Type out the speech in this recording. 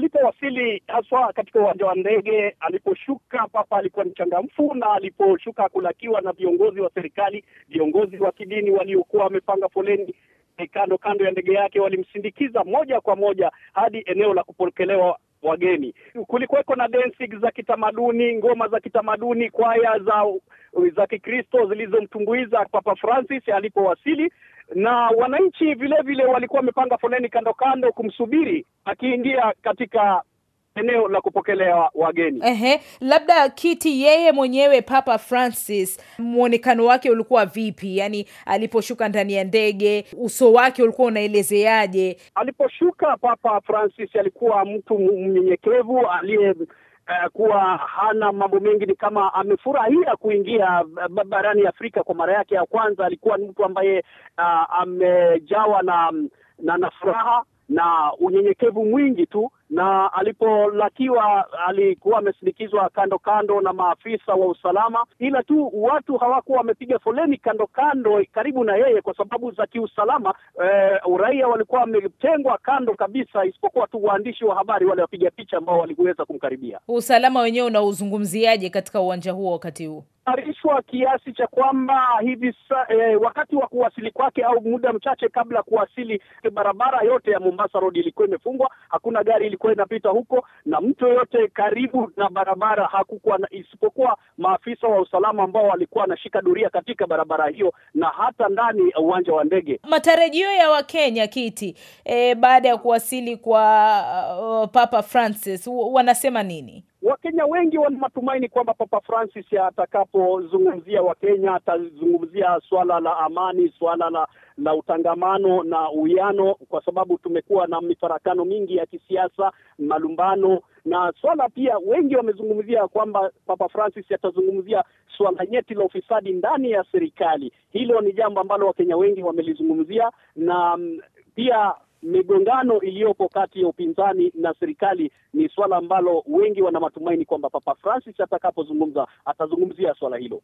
alipowasili haswa katika uwanja wa ndege, aliposhuka, papa alikuwa mchangamfu, na aliposhuka kulakiwa na viongozi wa serikali, viongozi wa kidini waliokuwa wamepanga foleni e, kando kando ya ndege yake, walimsindikiza moja kwa moja hadi eneo la kupokelewa wageni. Kulikuweko na densi za kitamaduni, ngoma za kitamaduni, kwaya za za Kikristo zilizomtumbuiza Papa Francis alipowasili, na wananchi vilevile walikuwa wamepanga foleni kando kando kumsubiri akiingia katika eneo la kupokelea wageni. Ehe, labda kiti, yeye mwenyewe Papa Francis, mwonekano wake ulikuwa vipi? Yaani aliposhuka ndani ya ndege, uso wake ulikuwa unaelezeaje? Aliposhuka Papa Francis alikuwa mtu mnyenyekevu aliye uh, kuwa hana mambo mengi, ni kama amefurahia kuingia eh, barani Afrika kwa mara yake ya kwanza. Alikuwa ni mtu ambaye uh, amejawa na na, na furaha na unyenyekevu mwingi tu na alipolakiwa alikuwa amesindikizwa kando kando na maafisa wa usalama, ila tu watu hawakuwa wamepiga foleni kando kando karibu na yeye kwa sababu za kiusalama. E, uraia walikuwa wametengwa kando kabisa, isipokuwa tu waandishi wa habari wale wapiga picha ambao waliweza kumkaribia. Usalama wenyewe unauzungumziaje katika uwanja huo wakati huu? imetayarishwa kiasi cha kwamba hivi e, wakati wa kuwasili kwake au muda mchache kabla ya kuwasili, eh, barabara yote ya Mombasa Road ilikuwa imefungwa, hakuna gari ilikuwa inapita huko na mtu yoyote karibu na barabara hakukuwa na, isipokuwa maafisa wa usalama ambao walikuwa wanashika doria katika barabara hiyo na hata ndani ya uwanja wa ndege. Matarajio ya Wakenya kiti e, baada ya kuwasili kwa uh, Papa Francis wanasema nini? Wakenya wengi wana matumaini kwamba Papa Francis atakapozungumzia Wakenya atazungumzia swala la amani, swala la, la utangamano na uwiano, kwa sababu tumekuwa na mifarakano mingi ya kisiasa, malumbano na swala pia, wengi wamezungumzia kwamba Papa Francis atazungumzia swala nyeti la ufisadi ndani ya serikali. Hilo ni jambo ambalo Wakenya wengi wamelizungumzia na mm, pia migongano iliyopo kati ya upinzani na serikali ni swala ambalo wengi wana matumaini kwamba Papa Francis atakapozungumza atazungumzia swala hilo.